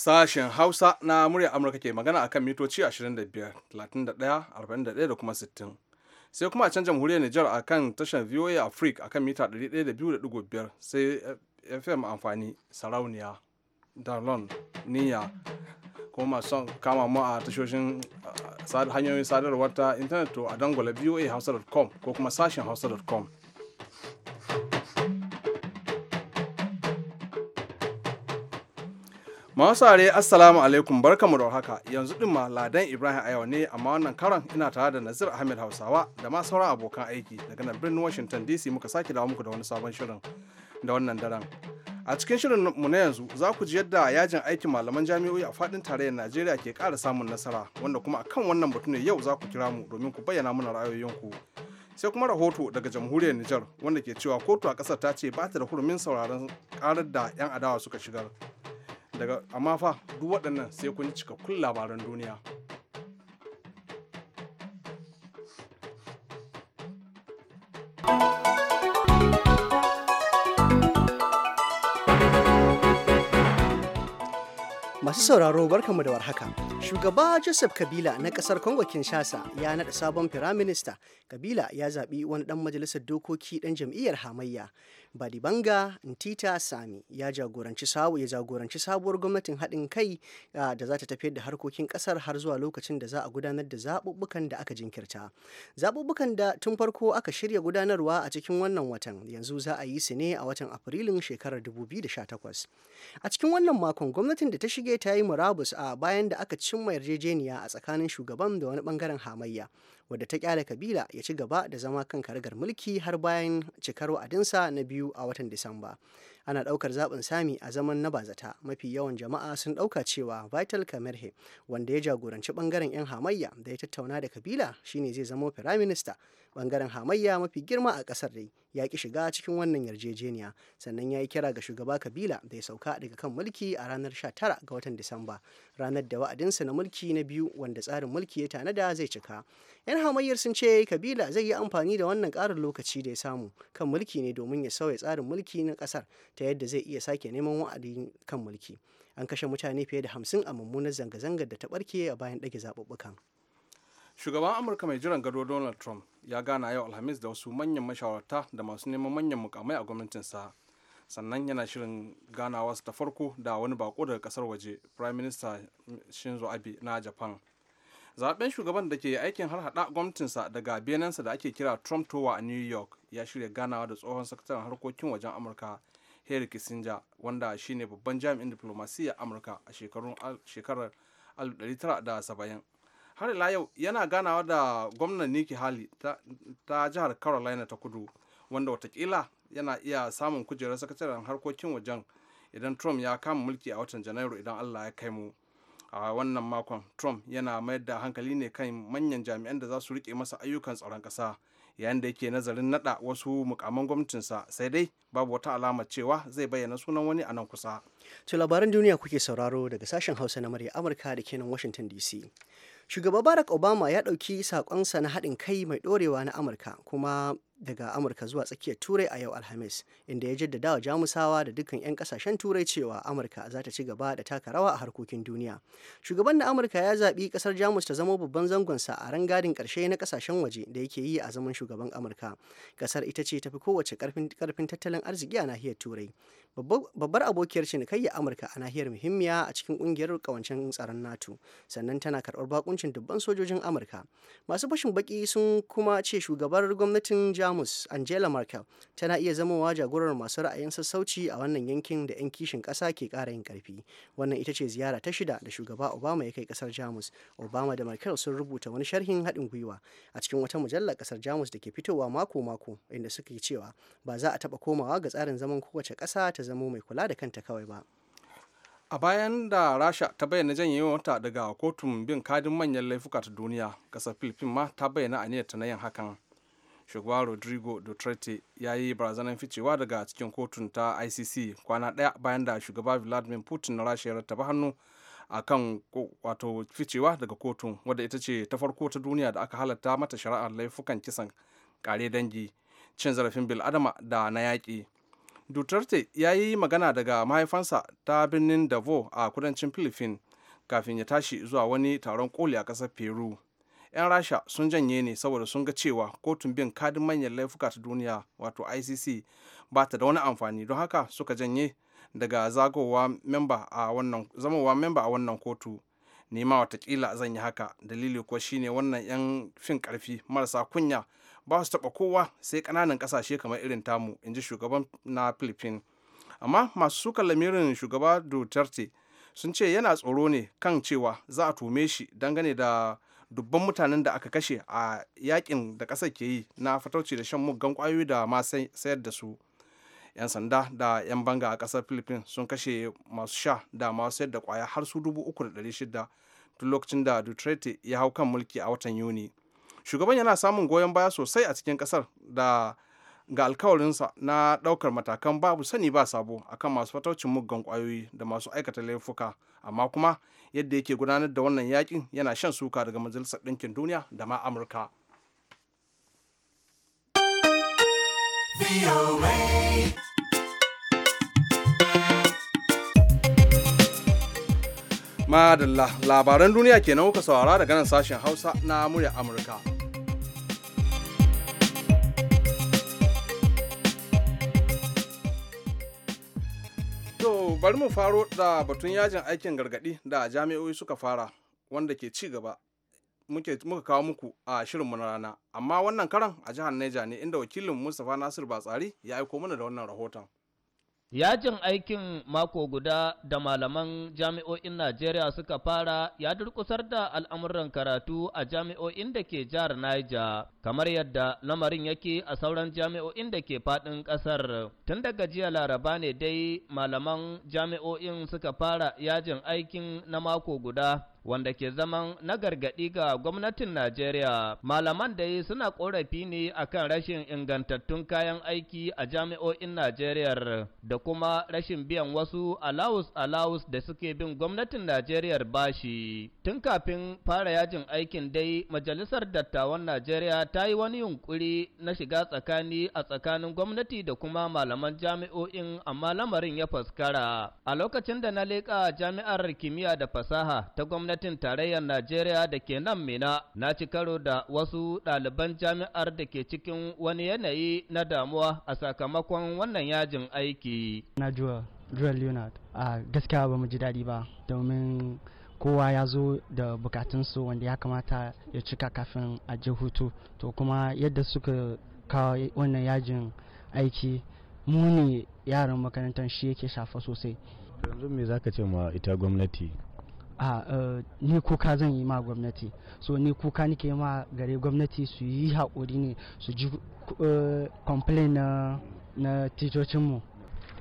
Sashen Hausa na murya Amurka ke magana akan mitoci 25, 31, 41 da kuma 60. Sai kuma a can jamhuriyar Nijar akan tashar VOA Africa akan mita 102.5 sai FM amfani sarauniya, Darlon, niya kuma masu kama mu a tashoshin hanyoyin sadarwar ta intanet to a dangwala hausa.com ko kuma sashen hausa.com. are Assalamu alaikum barkamu da haka yanzu din ma Ladan Ibrahim Ayawa ne amma wannan karan ina tare da Nazir Ahmed Hausawa da ma sauran abokan aiki daga nan birnin Washington DC muka sake dawo muku da wani sabon shirin da wannan daren. A cikin shirin mu na yanzu za ku ji yadda yajin aikin malaman jami'o'i a fadin tarayyar Najeriya ke kara samun nasara wanda kuma akan wannan batu ne yau za ku kira mu domin ku bayyana mana ra'ayoyinku. Sai kuma rahoto daga jamhuriyar Nijar wanda ke cewa kotu a ƙasar ta ce ba ta da hurumin sauraron karar da 'yan adawa suka shigar. daga amma fa duk waɗannan sai kun cikakkun labaran duniya masu sauraro barkanmu da warhaka shugaba joseph kabila na kasar congo kinshasa ya naɗa sabon firaminista kabila ya zaɓi wani ɗan majalisar dokoki ɗan jam'iyyar hamayya badibanga ntita sami ya jagoranci ya jagoranci sabuwar gwamnatin haɗin kai ah, da za ta tafiyar da harkokin ƙasar har zuwa lokacin da za a gudanar da zaɓuɓɓukan da aka jinkirta zaɓuɓɓukan da tun farko aka shirya gudanarwa a cikin wannan watan yanzu za a yi su ne a watan afrilun shekarar 2018 a cikin wannan makon gwamnatin da ta shige ta yi murabus a bayan da aka cimma yarjejeniya a tsakanin shugaban da wani bangaren hamayya wadda ta kyale kabila ya ci gaba da zama kan karagar mulki har bayan cikar wa'adinsa na biyu a watan disamba ana daukar zaɓin sami a zaman na bazata mafi yawan jama'a sun dauka cewa vital kamerhe wanda ya jagoranci bangaren yan hamayya da ya tattauna da kabila shine zai zama firaminista bangaren hamayya mafi girma a kasar dai ya ki shiga cikin wannan yarjejeniya sannan ya yi kira ga shugaba kabila da ya sauka daga kan mulki a ranar 19 ga watan disamba ranar da wa'adinsa na mulki na biyu wanda tsarin mulki ya tanada zai cika yan hamayyar sun ce kabila zai yi amfani da wannan karin lokaci da ya samu kan mulki ne domin ya sauya tsarin mulki na kasar ta yadda zai iya sake neman wa'adin kan mulki an kashe mutane fiye da hamsin a mummunar zanga-zangar da ta barke a bayan ɗage zaɓuɓɓukan. shugaban amurka mai jiran gado donald trump ya gana yau alhamis da wasu manyan mashawarta da masu neman manyan mukamai a gwamnatinsa sannan yana shirin ganawa ta farko da wani bako daga kasar waje prime minister shinzo abe na japan zaben shugaban da ke aikin har hada gwamnatinsa daga sa da ake kira trump towa a new york ya shirya ganawa da tsohon sakataren harkokin wajen amurka harry kissinger wanda shine babban jami'in diplomasiyya amurka a shekarar 1970 har ila yau yana ganawa da gwamnan Nikki Haley ta, jihar Carolina ta kudu wanda watakila yana iya samun kujerar sakataren harkokin wajen idan Trump ya kama mulki a watan Janairu idan Allah ya kai mu. A wannan makon Trump yana mayar da hankali ne kan manyan jami'an da za su rike masa ayyukan tsaron ƙasa yayin da yake nazarin nada wasu mukaman gwamnatinsa sai dai babu wata alama cewa zai bayyana sunan wani a nan kusa. To labaran duniya kuke sauraro daga sashen Hausa na murya Amurka da ke nan Washington DC. shugaba barack obama ya ɗauki saƙonsa na haɗin kai mai ɗorewa na amurka kuma daga amurka zuwa tsakiyar turai a yau alhamis inda ya jaddada wa jamusawa da dukkan 'yan kasashen turai cewa amurka za ta ci gaba da taka rawa a harkokin duniya shugaban na amurka ya zaɓi ƙasar jamus ta zama babban zangonsa a rangadin ƙarshe na ƙasashen waje da yake yi a zaman shugaban amurka ƙasar ita ce tafi kowace ƙarfin tattalin arziki a nahiyar turai babbar abokiyar ce ya amurka a nahiyar muhimmiya a cikin kungiyar kawancen tsaron nato sannan tana karɓar bakuncin dubban sojojin amurka masu fashin baki sun kuma ce shugabar gwamnatin jamus angela merkel tana iya zamowa jagorar masu ra'ayin sassauci a wannan yankin da 'yan kishin ƙasa ke ƙara yin ƙarfi wannan ita ce ziyara ta shida da shugaba obama ya kai ƙasar jamus obama da merkel sun rubuta wani sharhin haɗin gwiwa a cikin wata mujallar ƙasar jamus da ke fitowa mako-mako inda suke cewa ba za a taɓa komawa ga tsarin zaman kowace ƙasa ta ta zamo mai kula da kanta kawai ba a bayan da rasha ta bayyana wata daga kotun bin kadin manyan laifuka ta duniya kasar philippines ma ta bayyana aniyar ta na yin hakan shugaba rodrigo duterte ya yi barazanar ficewa daga cikin kotun ta icc kwana ɗaya bayan da shugaba vladimir putin na rasha ya rattaba hannu a kan wato ficewa daga kotun wadda ita ce ta farko ta duniya da aka halatta mata shari'ar laifukan kisan kare dangi cin zarafin bil'adama da na yaƙi duterte ya yi magana daga mahaifansa ta birnin davo a kudancin philippines kafin ya tashi zuwa wani taron koli a ƙasar peru 'yan rasha sun janye ne saboda sun ga cewa kotun bin kadin manyan laifuka ta duniya wato icc ba ta da wani amfani don haka suka janye daga zagowa memba a wannan zamowa memba a wannan kotu nema watakila zan yi haka dalili kuwa shine wannan 'yan fin karfi marasa kunya ba su taɓa kowa sai ƙananan ƙasashe kamar irin tamu in ji shugaban na philippines amma masu suka lamirin shugaba duterte sun ce yana tsoro ne kan cewa za a tume shi dangane da dubban mutanen da aka kashe a yakin da ƙasar ke yi na fatauci da shan muggan kwayoyi da ma sayar da su 'yan sanda da 'yan banga a ƙasar philippines sun kashe masu sha da masu sayar da kwaya har su 3,600 tun lokacin da duterte ya hau kan mulki a watan yuni shugaban yana samun goyon baya sosai a cikin kasar da ga alkawarinsa na daukar matakan babu sani ba sabo akan masu fataucin muggan kwayoyi da masu aikata laifuka amma kuma yadda yake gudanar da wannan yakin yana shan suka daga majalisar ɗinkin duniya da ma amurka madalla labaran duniya kenan kuka saurara daga nan sashen hausa na murya amurka To bari mu faro da batun yajin aikin gargadi da jami'o'i suka fara wanda ke ci gaba muka kawo muku a shirinmu na rana amma wannan karan a jihar Neja ne inda wakilin Mustapha Nasir Batsari ya aiko mana da wannan rahoton. Yajin aikin mako guda da malaman jami'o'in Najeriya suka fara ya durkusar da al'amuran karatu a jami'o'in da ke jihar Niger, kamar yadda lamarin yake a sauran jami'o'in da ke faɗin ƙasar. Tun daga jiya laraba ne dai malaman jami'o'in suka fara yajin aikin na mako guda. wanda ke zaman na gargaɗi ga gwamnatin Najeriya. Malaman dai suna ƙorafi ne akan rashin ingantattun kayan aiki a jami'o'in Najeriya da kuma rashin biyan wasu alawus-alawus da suke bin gwamnatin Najeriya bashi. Tun kafin fara yajin aikin dai Majalisar Dattawan Najeriya ta yi wani yunƙuri na shiga tsakani a tsakanin gwamnati da kuma malaman jami'o'in amma lamarin ya faskara. A lokacin da na leƙa jami'ar kimiyya da fasaha ta gwamnati gwamnatin tarayyar Najeriya da ke nan Mina na ci karo da wasu ɗaliban jami'ar da ke cikin wani yanayi na damuwa a sakamakon wannan yajin aiki. Na juwa, Joel Leonard, a gaskiya ba mu ji daɗi ba domin kowa ya zo da bukatunsu wanda ya kamata ya cika kafin a ji hutu to kuma yadda suka kawo wannan yajin aiki muni yaran makarantar shi yake shafa sosai yanzu me zaka ce ma ita gwamnati a ni kuka zan yi ma gwamnati so ni kuka nike ma gare gwamnati su yi haƙuri ne su ji eh, complain na titocinmu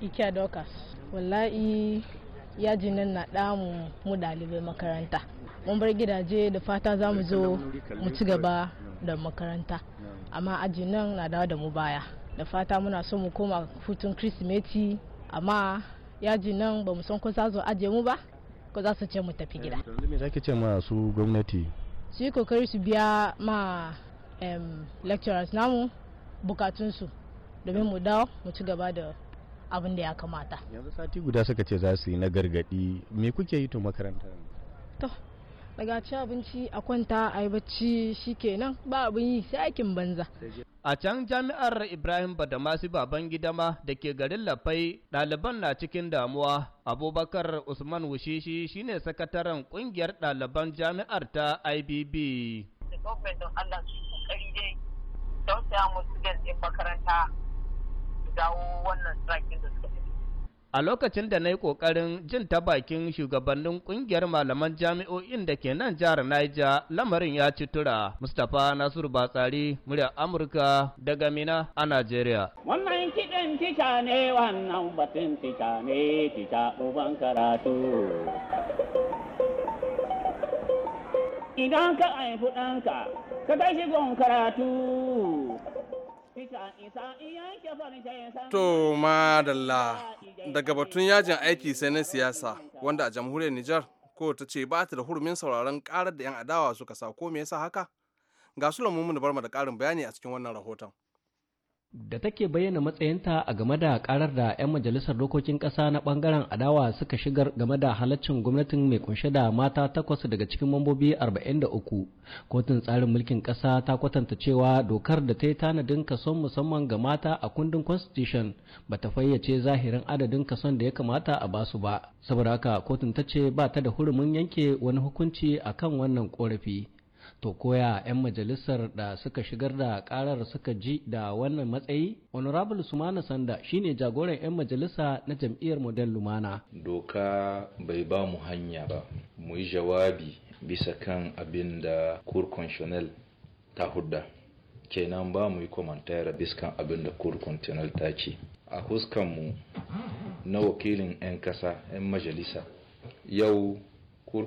ikiya dokas wallahi yajin nan na damu mu dalibai makaranta mun bar gidaje da fata za mu zo mu ci gaba da makaranta amma aji nan na dawo da mu baya da fata muna so mu koma hutun kirsimeti amma yajin nan ba mu san ko za zo aje mu ba ko za su ce mu tafi gida eh, me zaki ce ma su gwamnati su yi kokari su biya ma lecturers namu bukatunsu domin mu dawo mu ci gaba da abin da ya kamata yanzu sati guda suka ce za su yi na gargadi me kuke yi to makaranta to daga ci abinci a kwanta a yi bacci shikenan ba abin yi sai aikin banza a can jami'ar ibrahim badamasi baban gidama da ke garin lafai ɗaliban na cikin damuwa abubakar usman wushishi shine sakataren kungiyar ɗaliban jami'ar ta ibb da din makaranta dawo wannan strike da suka A lokacin da na yi ƙoƙarin jin ta bakin shugabannin ƙungiyar malaman jami'o'in da ke nan jihar Naija lamarin ya ci tura. Mustapha Nasiru Batsari, murya Amurka daga Mina a Najeriya. Wannan kiɗin tica ne wannan batun tica ne tica uban karatu. Idan ka haifi ɗanka, ka tashi gon karatu. To madalla daga batun yajin aiki sai na siyasa wanda a jamhuriyar Nijar ko ta ce ba ta da hurumin sauraron karar da 'yan adawa suka sa ko me yasa haka? Ga su lamun mu da barma da karin bayani a cikin wannan rahoton. da take bayyana matsayinta a game da karar da 'yan majalisar dokokin ƙasa na ɓangaren adawa suka shigar game da halaccin gwamnatin mai kunshe da mata takwas daga cikin mambobi 43 kotun tsarin mulkin ƙasa ta kwatanta cewa dokar da ta yi tanadin kason musamman ga mata a kundin constitution ba ta fayyace zahirin adadin kason da ya kamata a basu ba saboda haka kotun ta ce ba ta da hurumin yanke wani hukunci akan wannan korafi to koya 'yan majalisar da suka shigar da karar suka ji da wannan matsayi honorable sumana sanda shine jagoran 'yan majalisa na jam'iyyar model lumana doka bai ba mu hanya ba mu yi jawabi bisa kan abin da cour ta hudda kenan ba mu yi bisa biskan abin da cour ta ce a huskanmu na wakilin 'yan kasa 'yan majalisa yau cour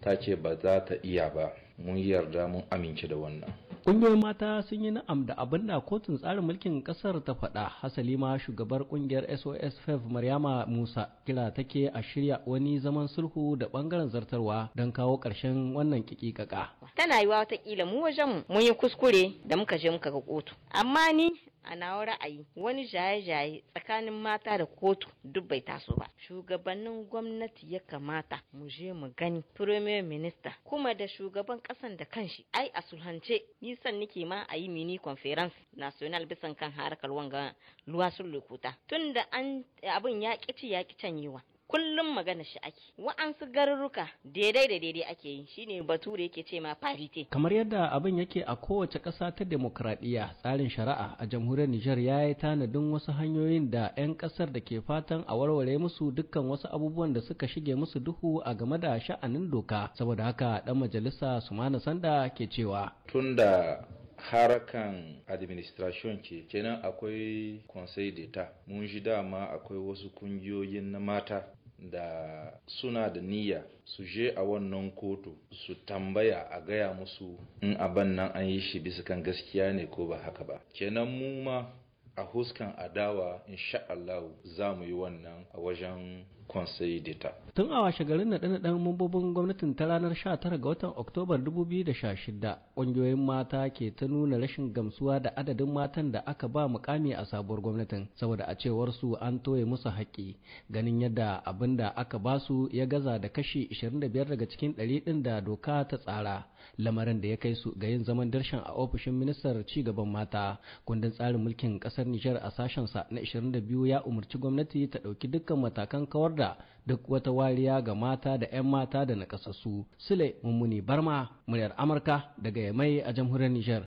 ta ce ba za ta iya ba mun yarda mun amince da wannan Ƙungiyoyin mata sun yi na'am da abin da kotun tsarin mulkin ƙasar ta faɗa hasali ma shugabar ƙungiyar SOS FEV Maryama Musa kira take a shirya wani zaman sulhu da ɓangaren zartarwa don kawo ƙarshen wannan kikikaka. Tana yiwa watakila mu wajen mun yi kuskure da muka je muka ga kotu. Amma ni a nawa ra'ayi wani jaye-jaye tsakanin mata da kotu duk bai taso ba shugabannin gwamnati ya kamata mu je mu gani premier minister kuma da shugaban kasan da kanshi ai a sulhance nisan nike ma a yi mini conference national bisan kan harkar wanga luwasun lokuta tunda an abin ya ci ya ki canyewa kullum magana shi ake wa'ansu garuruka daidai da daidai ake yi shine bature yake ce ma parite kamar yadda abin yake a kowace ƙasa ta demokradiyya tsarin shari'a a jamhuriyar Nijar ya yi tanadin wasu hanyoyin da 'yan ƙasar da ke fatan a warware musu dukkan wasu abubuwan da suka shige musu duhu a game da sha'anin doka saboda haka dan majalisa Sumana Sanda ke cewa tunda harakan administration ce kenan akwai conseil d'etat mun ji dama akwai wasu kungiyoyin na mata da suna da niyya su je a wannan kotu su tambaya a gaya musu in abin nan an yi shi bisa kan gaskiya ne ko ba haka ba kenan mu ma a huskan adawa insha Allah za mu yi wannan a wajen Conseil d'État. Tun a washe garin naɗe dan mambobin gwamnatin ta ranar 19 ga watan Oktobar 2016, ƙungiyoyin mata ke ta nuna rashin gamsuwa da adadin matan da aka ba mukami a sabuwar gwamnatin, saboda a cewar su an toye musu haƙƙi, ganin yadda abin da aka ba su ya gaza da kashi 25 daga cikin 100 din da doka ta tsara, lamarin da ya kai su ga yin zaman darshan a ofishin ministar cigaban mata. Kundin tsarin mulkin kasar Nijar a sashen sa na 22 ya umarci gwamnati ta dauki dukkan matakan kawar da da duk wata wariya ga mata da 'yan mata da nakasassu sule mummuni barma muryar amurka daga yamai a jamhuriyar nijar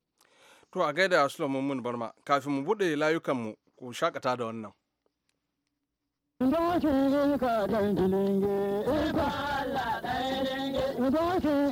to a gaida sule mummuni barma kafin mu buɗe layukanmu ku shakata da wannan Dokin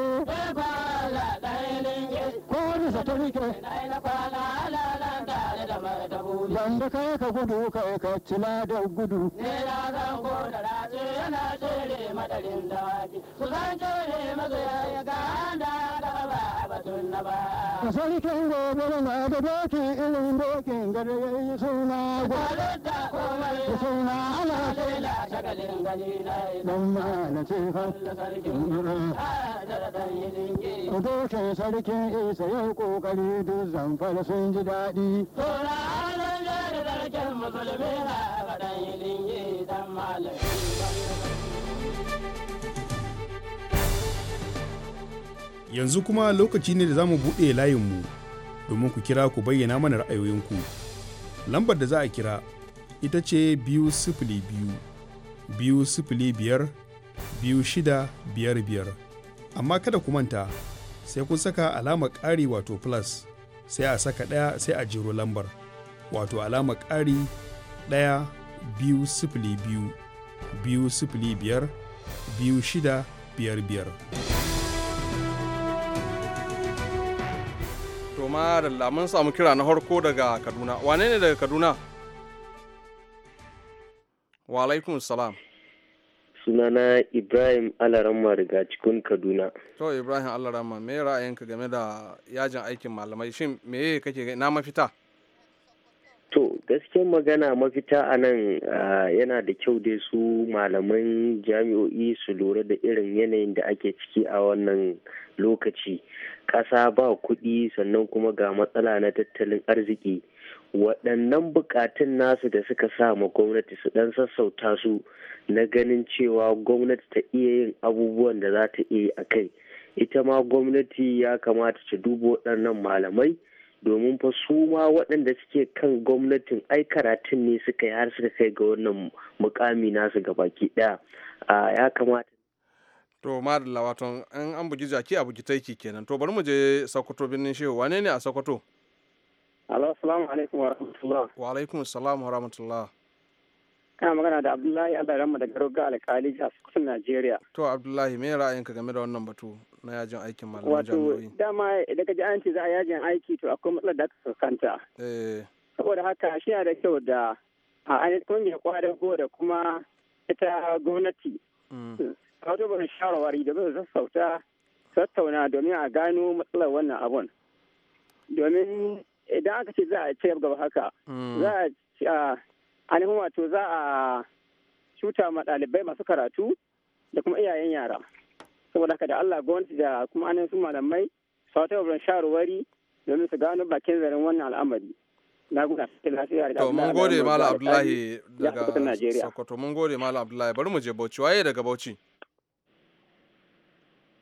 Ko ni sa to ni ke. la la. da martabu banda kai ka gudu kai ka cila da gudu ne na zan ko da race yana cire da dawaki ku zan cire yi ga anda da ba a batun na ba ka sani kin gobe na da doki ilin dokin gare yi suna gwalin da komai suna ala lela shagalin gani na yi. Don ma na ce fa dokin sarkin isa yau kokari duk zamfara sun ji daɗi. yanzu kuma lokaci ne da za mu buɗe layinmu domin ku kira ku bayyana mana ra'ayoyinku lambar da za a kira ita ce biyu sifili biyu biyu sifili biyar biyu shida biyar biyar amma kada ku manta sai kun saka alamar ƙari wato plus sai a saka ɗaya sai a jiro lambar wato alama ƙari ɗaya biyu sifili biyu biyu sifili biyar biyu shida biyar biyar. to mun samu kira na harko daga kaduna wane ne daga kaduna wa alaikum salam sunana ibrahim alarama daga cikin kaduna to ibrahim Alarama me ra'ayinka game da yajin aikin malamai shin me kake na mafita to gaskiyar magana mafita a nan yana da kyau dai su malaman jami'o'i su lura da irin yanayin da ake ciki a wannan lokaci ƙasa ba kuɗi sannan kuma ga matsala na tattalin arziki waɗannan bukatun nasu da suka sa ma gwamnati su ɗan sassauta su na ganin cewa gwamnati ta iya yin abubuwan da za ta iya a kai ita ma gwamnati ya kamata ta duba waɗannan malamai domin fa su ma waɗanda suke kan gwamnatin ai karatun ne suka yi har suka kai ga wannan mukami nasu ga baki ɗaya ya kamata to madalla waton an bugi jaki a bugi taiki kenan to bari mu je sokoto birnin shehu wane ne a sokoto Alo, salamu alaikum wa rahmatullah. Wa alaikum wa Kana magana da Abdullahi Allah Ramma da Garuga Alkali a kusan Najeriya. To Abdullahi me ra'ayinka game da wannan batu na yajin aikin malaman jami'o'i? Wato dama da ka ji an ce za a yajin aiki to akwai matsalar da aka fuskanta. Eh. Saboda haka shi da kyau da a ainihin kungiyar go da kuma ita gwamnati. Mm. A Wato bari shawarwari da ba sassauta tattauna domin a gano matsalar wannan abun. Domin idan aka ce za a ciyar gaba haka mm. za a ainihin wato za a cuta ma ɗalibai masu karatu da kuma iyayen yara saboda haka da Allah gwamnati da kuma anan su malamai sautar wurin shawarwari domin su gano bakin zarin wannan al'amari na mun gode malam abdullahi daga sokoto mun abdullahi bari mu je bauchi waye daga bauchi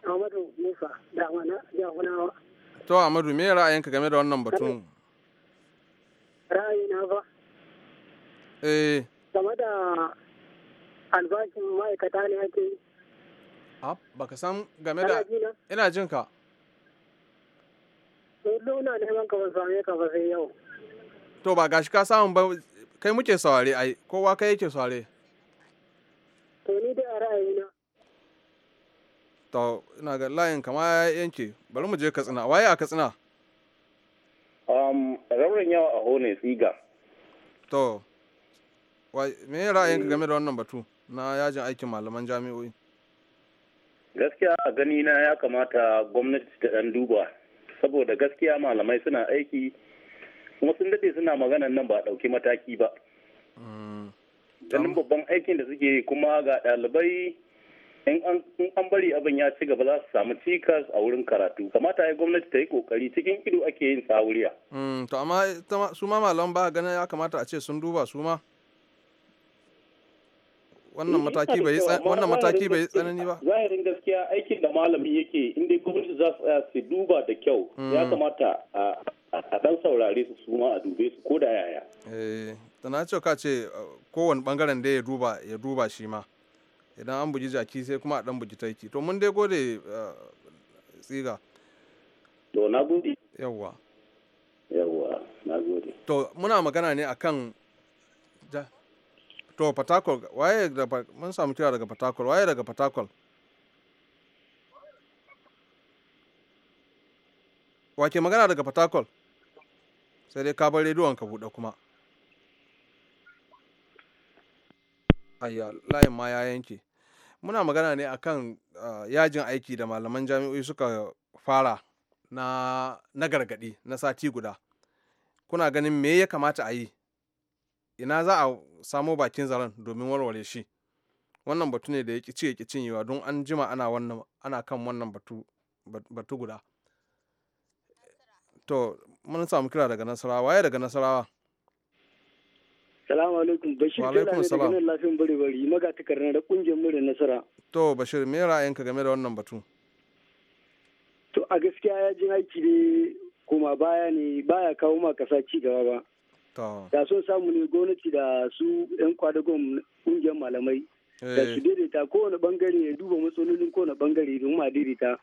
Ahmadu Musa da wani to amadu me ra'ayinka game da wannan batun ra'ayina ba eh game da albashin ma'aikata ne ake yi a ah, baka san game da ina jin ka Luna eh, neman ka ban same ka ba sai yau to ba gashi ka samu ba kai muke saware ai kowa kai yake saware. to ni dai a ra'ayina to ina ga layin kama yanke bari mu je katsina waye a katsina um, yawa a hone tsiga to ra'ayinka game da wannan batu na yajin aikin malaman jami'o'i gaskiya a gani na ya kamata gwamnati ta dan duba saboda gaskiya malamai suna aiki kuma sun daɗe suna maganan nan ba a ɗauki mataki ba mm. ganin babban aikin da suke kuma ga ɗalibai in an bari abin ya ci gaba za su samu cikas a wurin karatu kamata ya gwamnati ta yi kokari cikin ido ake yin tsawuriya. Mm, to amma su ma malaman ba ganin ya kamata a ce sun duba su ma wannan eh, mataki bai tsanani ba zahirin gaskiya aikin da malami yake inda gwamnati za su tsaya su duba da kyau mm. ya kamata a dan saurare su su ma a dube su ko da yaya eh tana ce ka ce uh, kowane bangaren da ya duba ya duba shi ma idan an buji jaki sai kuma a dan buji taiki to mun dai gode eh, tsiga to na gode yawwa yawwa na gode to muna magana ne akan to patakol waye da mun samu kira daga patakol waye daga patakol wake magana daga patakol sai dai kabar rediyon ka buɗe kuma ayya layin ma ya yanke muna magana ne akan yajin aiki da malaman jami'o'i suka fara na, na gargaɗi na sati guda kuna ganin me ya kamata a yi ina za a samo bakin zaren domin warware shi wannan batu ne da ya ci ya cin yiwa don an jima ana wannan ana kan wannan batu batu guda to mun samu kira daga nasarawa ya daga nasarawa Salamu alaikum Bashir Wa alaikum salam. Daga lafiyan bari bari maga karnar da kungiyar murin nasara. To Bashir me ra'ayinka game da wannan batu? To a gaskiya ya jin aiki ne kuma baya ne baya kawo ma kasa ci gaba ba. Da sun samu ne gwamnati da su 'yan kwadagon kungiyar malamai. Da su eh. daidaita kowane bangare ya duba matsalolin kowane bangare don ma daidaita.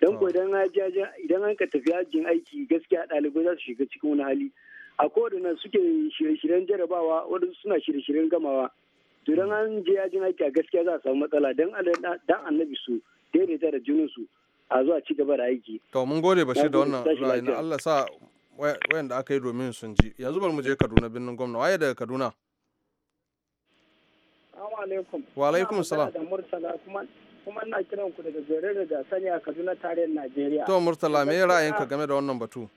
Don ko idan an ka tafi ajin aiki gaskiya ɗalibai za su shiga cikin wani hali. a kowane suke shirye-shiryen jarabawa waɗansu suna shirye-shiryen gamawa to idan an je yajin aiki a gaskiya za a samu matsala dan annabi su daidaita da junin su a zuwa ci gaba da aiki to mun gode bashir da wannan ra'ayi na Allah sa wayan da aka yi domin sun ji yanzu bari mu je Kaduna birnin gwamna waye daga Kaduna wa alaikum salam kuma ina kiran ku daga zere daga Sani a Kaduna tarayyar Najeriya to Murtala me ra'ayinka game da wannan batu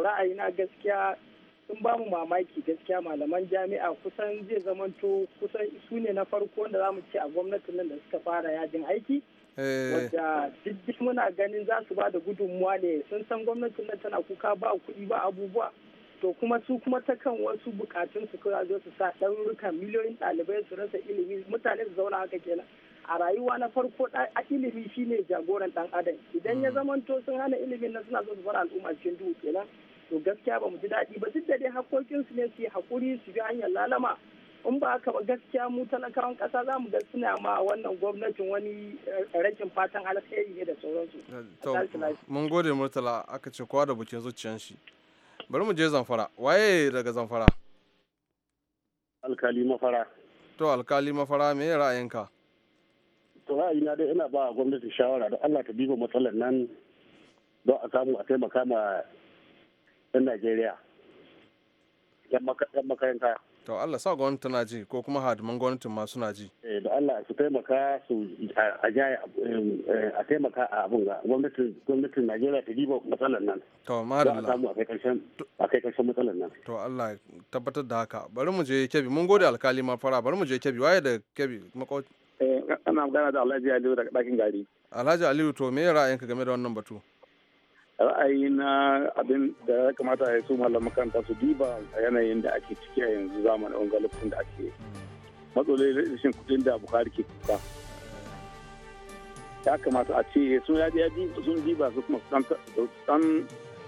ra'ayina gaskiya sun ba mu mamaki gaskiya malaman jami'a kusan zai zamanto kusan su ne na farko wanda za mu ce a gwamnatin nan da suka fara yajin aiki eh. wadda duk muna ganin za su ba da gudunmuwa ne sun san gwamnatin nan tana kuka ba kuɗi ba abubuwa to kuma su kuma ta kan wasu bukatun su kawai zo su sa ɗarurukan miliyoyin ɗalibai su rasa ilimi mutane su zauna haka kenan a rayuwa na farko ilimi shine jagoran dan adam idan ya mm. zamanto sun hana ilimin nan suna so su bar al'umma cikin duhu kenan to gaskiya ba mu ji daɗi ba duk da dai su ne su yi hakuri su bi hanyar lalama in ba haka ba gaskiya mu talakawan kasa za mu ga suna ma wannan gwamnatin wani eh, rashin fatan alkhairi ne da sauransu. Eh, mun gode murtala aka ce kowa da bukin zuciyan shi bari mu je zamfara waye daga zamfara alkali mafara to alkali mafara me ra'ayinka to na dai ina ba gwamnati shawara don Allah ta biyo matsalar nan don a samu a taimaka ma 'yan Najeriya. 'yan makaranta. To Allah sa gwamnati tana ji ko kuma hadiman gwamnatin ma suna ji. Eh da Allah su taimaka su a jaya eh, eh, a taimaka a abun ga gwamnatin gwamnatin Najeriya ta biyo matsalar nan. To ma da a samu a kai karshen a kai karshen matsalar nan. To Allah tabbatar da haka. Bari mu je Kebbi mun gode alkali ma fara bari mu je Kebbi waye da Kebbi makoci. ana magana da Alhaji Aliyu daga ɗakin gari. Alhaji Aliyu to me ra'ayinka game da wannan batu? Ra'ayi na abin da ya kamata ya su malam makaranta su diba a yanayin da ake ciki a yanzu zamanin wanga lokacin da ake matsalolin rashin kuɗin da Buhari ke kuka. Ya kamata a ce sun ya ya bi sun diba su kuma san san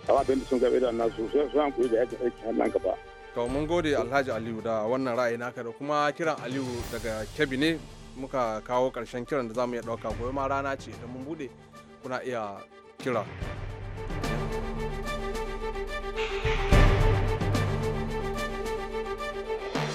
abin da sun gabe da nasu su yan kuɗi da ya ga sarki hannun gaba. To mun gode Alhaji Aliyu da wannan ra'ayi naka da kuma kiran Aliyu daga Kebbi ne muka kawo karshen kiran da za mu iya ɗauka gobe ma rana ce idan mun buɗe kuna iya kira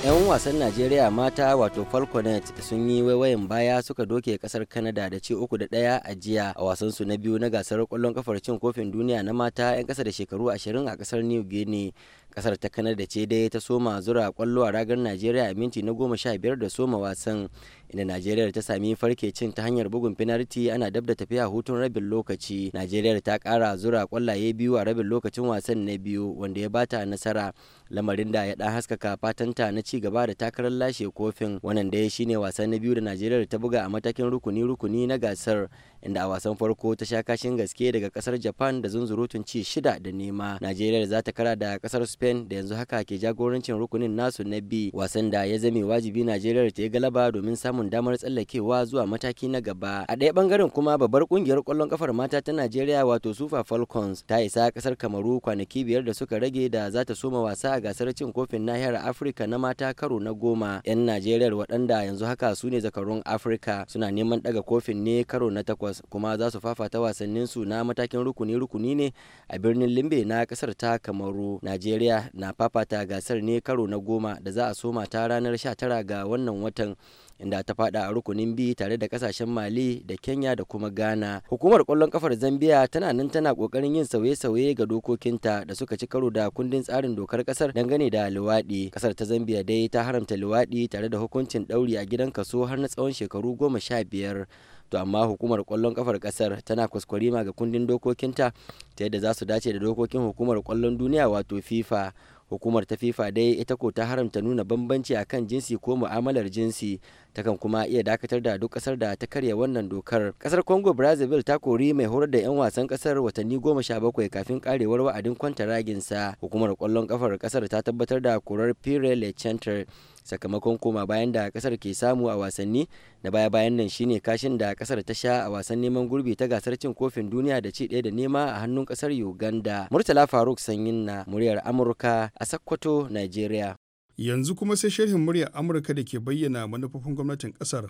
yan wasan najeriya mata wato falconet sun yi waiwayin baya suka doke kasar canada da ce uku da daya a jiya a wasansu na biyu na gasar kwallon kafar cin kofin duniya na mata yan kasa da shekaru ashirin a kasar new guinea kasar ta da ce dai ta soma zura kwallo a ragar najeriya a minti na goma sha biyar da soma wasan inda najeriya ta sami farke cin ta hanyar bugun finarti ana dab da tafiya hutun rabin lokaci najeriya ta kara zura kwallaye biyu a rabin lokacin wasan na biyu wanda ya bata nasara lamarin da ya dan haskaka fatanta na ci gaba da takarar lashe kofin wannan dai shine wasan na biyu da najeriya ta buga a matakin rukuni rukuni na gasar inda a wasan farko ta sha kashin gaske daga kasar japan da zunzurutun ci shida da nema najeriya za ta kara da kasar spain da yanzu haka ke jagorancin rukunin nasu na bi. wasan da ya zame wajibi najeriya ta yi galaba domin samun damar tsallakewa zuwa mataki na gaba a ɗaya bangaren kuma babbar kungiyar kwallon kafar mata ta najeriya wato sufa falcons ta isa kasar kamaru kwanaki biyar da suka rage da za ta soma wasa a gasar cin kofin nahiyar afirka na mata karo na goma yan najeriya waɗanda yanzu haka su ne zakarun afirka suna neman ɗaga kofin ne karo na takwas kuma za su fafata su na matakin rukuni-rukuni ne a birnin limbe na kasar ta kamaru nigeria na fafata gasar ne karo na goma da za a soma ta ranar sha tara ga wannan watan inda ta fada a rukunin bi tare da kasashen mali da kenya da kuma ghana hukumar kwallon kafar zambia tana nan tana kokarin yin sauye-sauye ga dokokinta da suka ci karo da kundin tsarin dokar kasar dangane da luwadi kasar ta zambia dai ta haramta luwadi tare da hukuncin ɗauri a gidan kaso har na tsawon shekaru goma sha biyar to amma hukumar kwallon kafar kasar tana ma ga kundin dokokinta ta yadda za su dace da dokokin hukumar kwallon duniya wato fifa hukumar ta fifa dai ita ko ta haramta nuna bambanci a kan jinsi ko mu'amalar jinsi ta kan kuma iya dakatar da duk kasar da ta karya wannan dokar kasar congo brazzaville ta kori mai horar da 'yan wasan kasar watanni goma sha bakwai kafin karewar wa'adin kwanta raginsa hukumar kwallon kafar kasar ta tabbatar da korar pire Chantre. sakamakon koma bayan da kasar ke samu a wasanni na baya bayan nan shine kashin da kasar ta sha a wasan neman gurbi ta gasar cin kofin duniya da ci daya da nema a hannun kasar uganda murtala faruk sanyin na muryar amurka a sakkwato nigeria yanzu kuma sai sharhin muryar amurka da ke bayyana manufofin gwamnatin kasar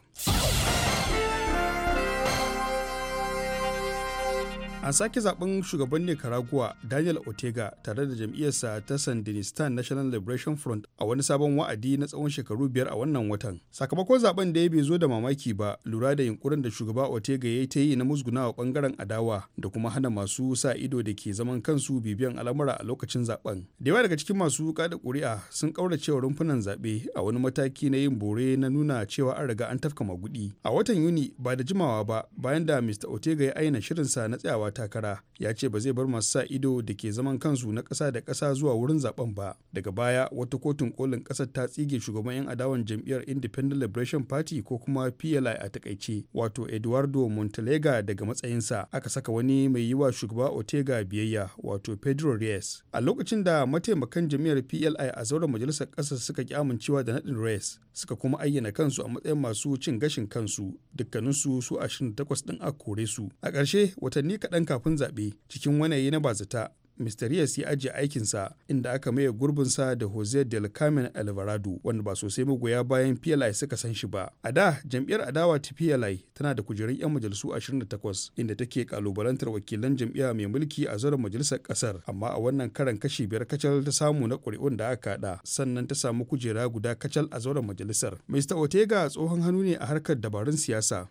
an sake zaben shugaban nicaragua daniel otega tare da jam'iyyarsa ta sandinistan national liberation front a wani sabon wa'adi na tsawon shekaru biyar a wannan watan sakamakon zaben da ya bai zo da mamaki ba lura da yunkurin da shugaba otega ya yi ta yi na musgunawa bangaren adawa da kuma hana masu sa ido da ke zaman kansu bibiyan al'amura a lokacin zaben da yawa daga cikin masu kada kuri'a sun kaura cewa rumfunan zaɓe a wani mataki na yin bore na nuna cewa an riga an tafka magudi a watan yuni ba da jimawa ba bayan da mr otega ya aina shirinsa na tsayawa tsayawa takara ya ce ba zai bar masu sa ido da ke zaman kansu na ƙasa da ƙasa zuwa wurin zaben ba daga baya wata kotun kolin ƙasar ta tsige shugaban 'yan adawan jam'iyyar independent liberation party ko kuma pli a takaice wato eduardo montalega daga matsayinsa aka saka wani mai yiwa shugaba otega biyayya wato pedro reyes a lokacin da mataimakan jam'iyyar pli a zauren majalisar ƙasar suka ki amincewa da naɗin reyes suka kuma ayyana kansu a matsayin masu cin gashin kansu dukkaninsu su 28 ɗin a kore su a ƙarshe watanni kaɗan kafin zaɓe cikin wanayi na bazata Mr. Reyes ya ajiye aikinsa inda aka maye gurbinsa da Jose Del Carmen Alvarado wanda ba sosai magoya bayan PLI suka san shi ba. A da jam'iyyar adawa ta PLI tana da kujerun 'yan majalisu 28 inda take kalubalantar wakilan jam'iyya mai mulki a zauren majalisar kasar amma a wannan karan kashi biyar kacal ta samu na ƙuri'un da aka haɗa sannan ta samu kujera guda kacal a zauren majalisar. Mr. Otega tsohon hannu ne a harkar dabarun siyasa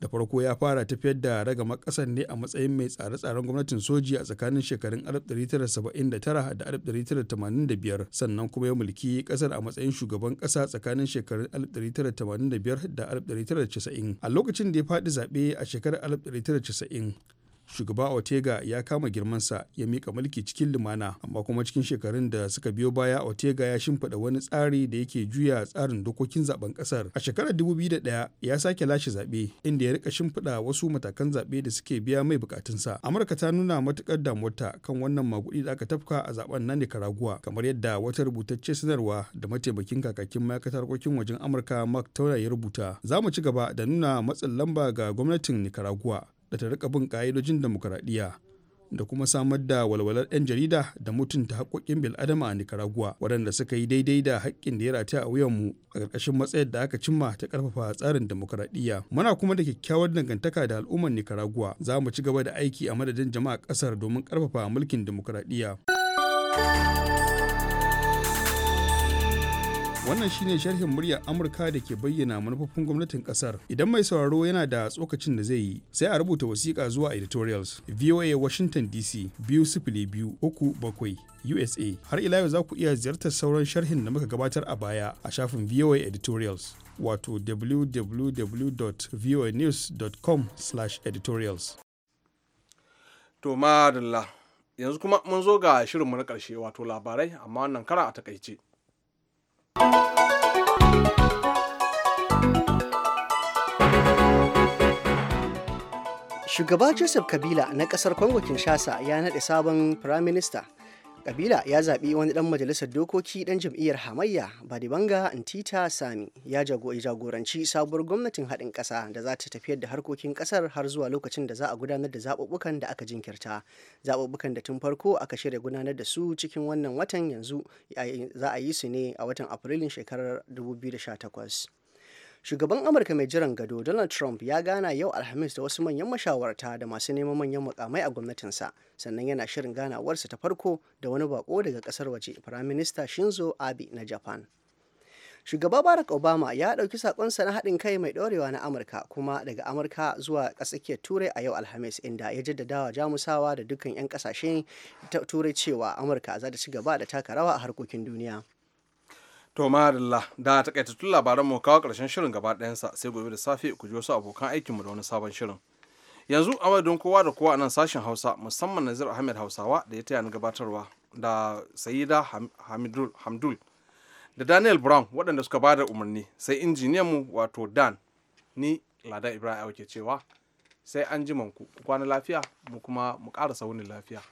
da farko ya fara tafiyar da ragama ƙasar ne a matsayin mai tsare-tsaren gwamnatin soji a tsakanin shekarun 1979 da 1985 sannan kuma ya mulki ƙasar a matsayin shugaban ƙasa tsakanin shekarun 1985 da 1990 a lokacin da ya faɗi zaɓe a shekarar 1990 shugaba ortega ya kama girmansa ya mika mulki cikin lumana amma kuma cikin shekarun da suka biyo baya ortega ya shimfiɗa wani tsari da yake juya tsarin dokokin zaben ƙasar a shekarar 2001 ya sake lashe zaɓe inda ya rika shimfiɗa wasu matakan zaɓe da suke biya mai bukatunsa amurka ta nuna matuƙar damuwarta kan wannan maguɗi da aka tafka a zaben na nicaragua kamar yadda wata rubutacce sanarwa da mataimakin kakakin ma'aikatar harkokin wajen amurka mark taura ya rubuta za mu ci gaba da nuna matsin lamba ga gwamnatin nicaragua da ta rika bin ka'idojin demokuraɗiyya da kuma samar da walwalar 'yan jarida da mutunta haƙƙoƙin bil'adama a nicaragua waɗanda suka yi daidai da haƙƙin da ya rata a mu a ƙarƙashin matsayar da aka cimma ta ƙarfafa tsarin demokuraɗiyya muna kuma da kyakkyawar dangantaka da al'ummar nicaragua za mu ci gaba da aiki a madadin jama'a ƙasar domin ƙarfafa mulkin demokuraɗiyya Wannan shine sharhin murya Amurka da ke bayyana manufofin gwamnatin kasar. Idan mai sauraro yana da tsokacin da zai yi, sai a rubuta wasiƙa zuwa editorials. VOA Washington DC biyu sifili biyu uku bakwai USA. Har ila yau za ku iya ziyartar sauran sharhin da muka gabatar a baya a shafin VOA editorials. Wato www.voanews.com/editorials. To madalla, yanzu kuma mun zo ga shirinmu na karshe wato labarai amma wannan kara a takaice. Shugaba Joseph Kabila na ƙasar Kongo Kinshasa ya naɗe sabon Firaminista. kabila ya zaɓi wani ɗan majalisar dokoki ɗan jam'iyyar hamayya badibanga ntita sami ya jagoranci sabuwar gwamnatin haɗin ƙasa da za ta tafiyar da harkokin ƙasar har zuwa lokacin da za a gudanar da zaɓuɓɓukan da aka jinkirta zaɓuɓɓukan da tun farko aka shirya gudanar da su cikin wannan watan yanzu za a yi su ne a watan afrilun shekarar 2018 shugaban amurka mai jiran gado donald trump ya gana yau alhamis da wasu manyan mashawarta da masu neman manyan mukamai a gwamnatinsa sannan yana shirin ganawarsa ta farko da wani bako daga kasar waje firaminista shinzo abe na japan shugaba barack obama ya ɗauki sakonsa na haɗin kai mai ɗorewa na amurka kuma daga amurka zuwa tsakiyar turai a yau alhamis inda ya jaddadawa jamusawa da dukkan 'yan ƙasashen turai cewa amurka za ta ci gaba da taka rawa a harkokin duniya To madalla da takaitattun labaran mu kawo karshen shirin gaba ɗayansa sai gobe da safe ku ji wasu abokan aikinmu da wani sabon shirin. Yanzu a madadin kowa da kowa a nan sashen Hausa musamman Nazir Ahmed Hausawa da ya taya ni gabatarwa da Sayida Hamdul da Daniel Brown waɗanda suka bada umarni sai injiniyan mu wato Dan ni Lada Ibrahim ke cewa sai an ku kwana lafiya mu kuma mu ƙara saunin lafiya.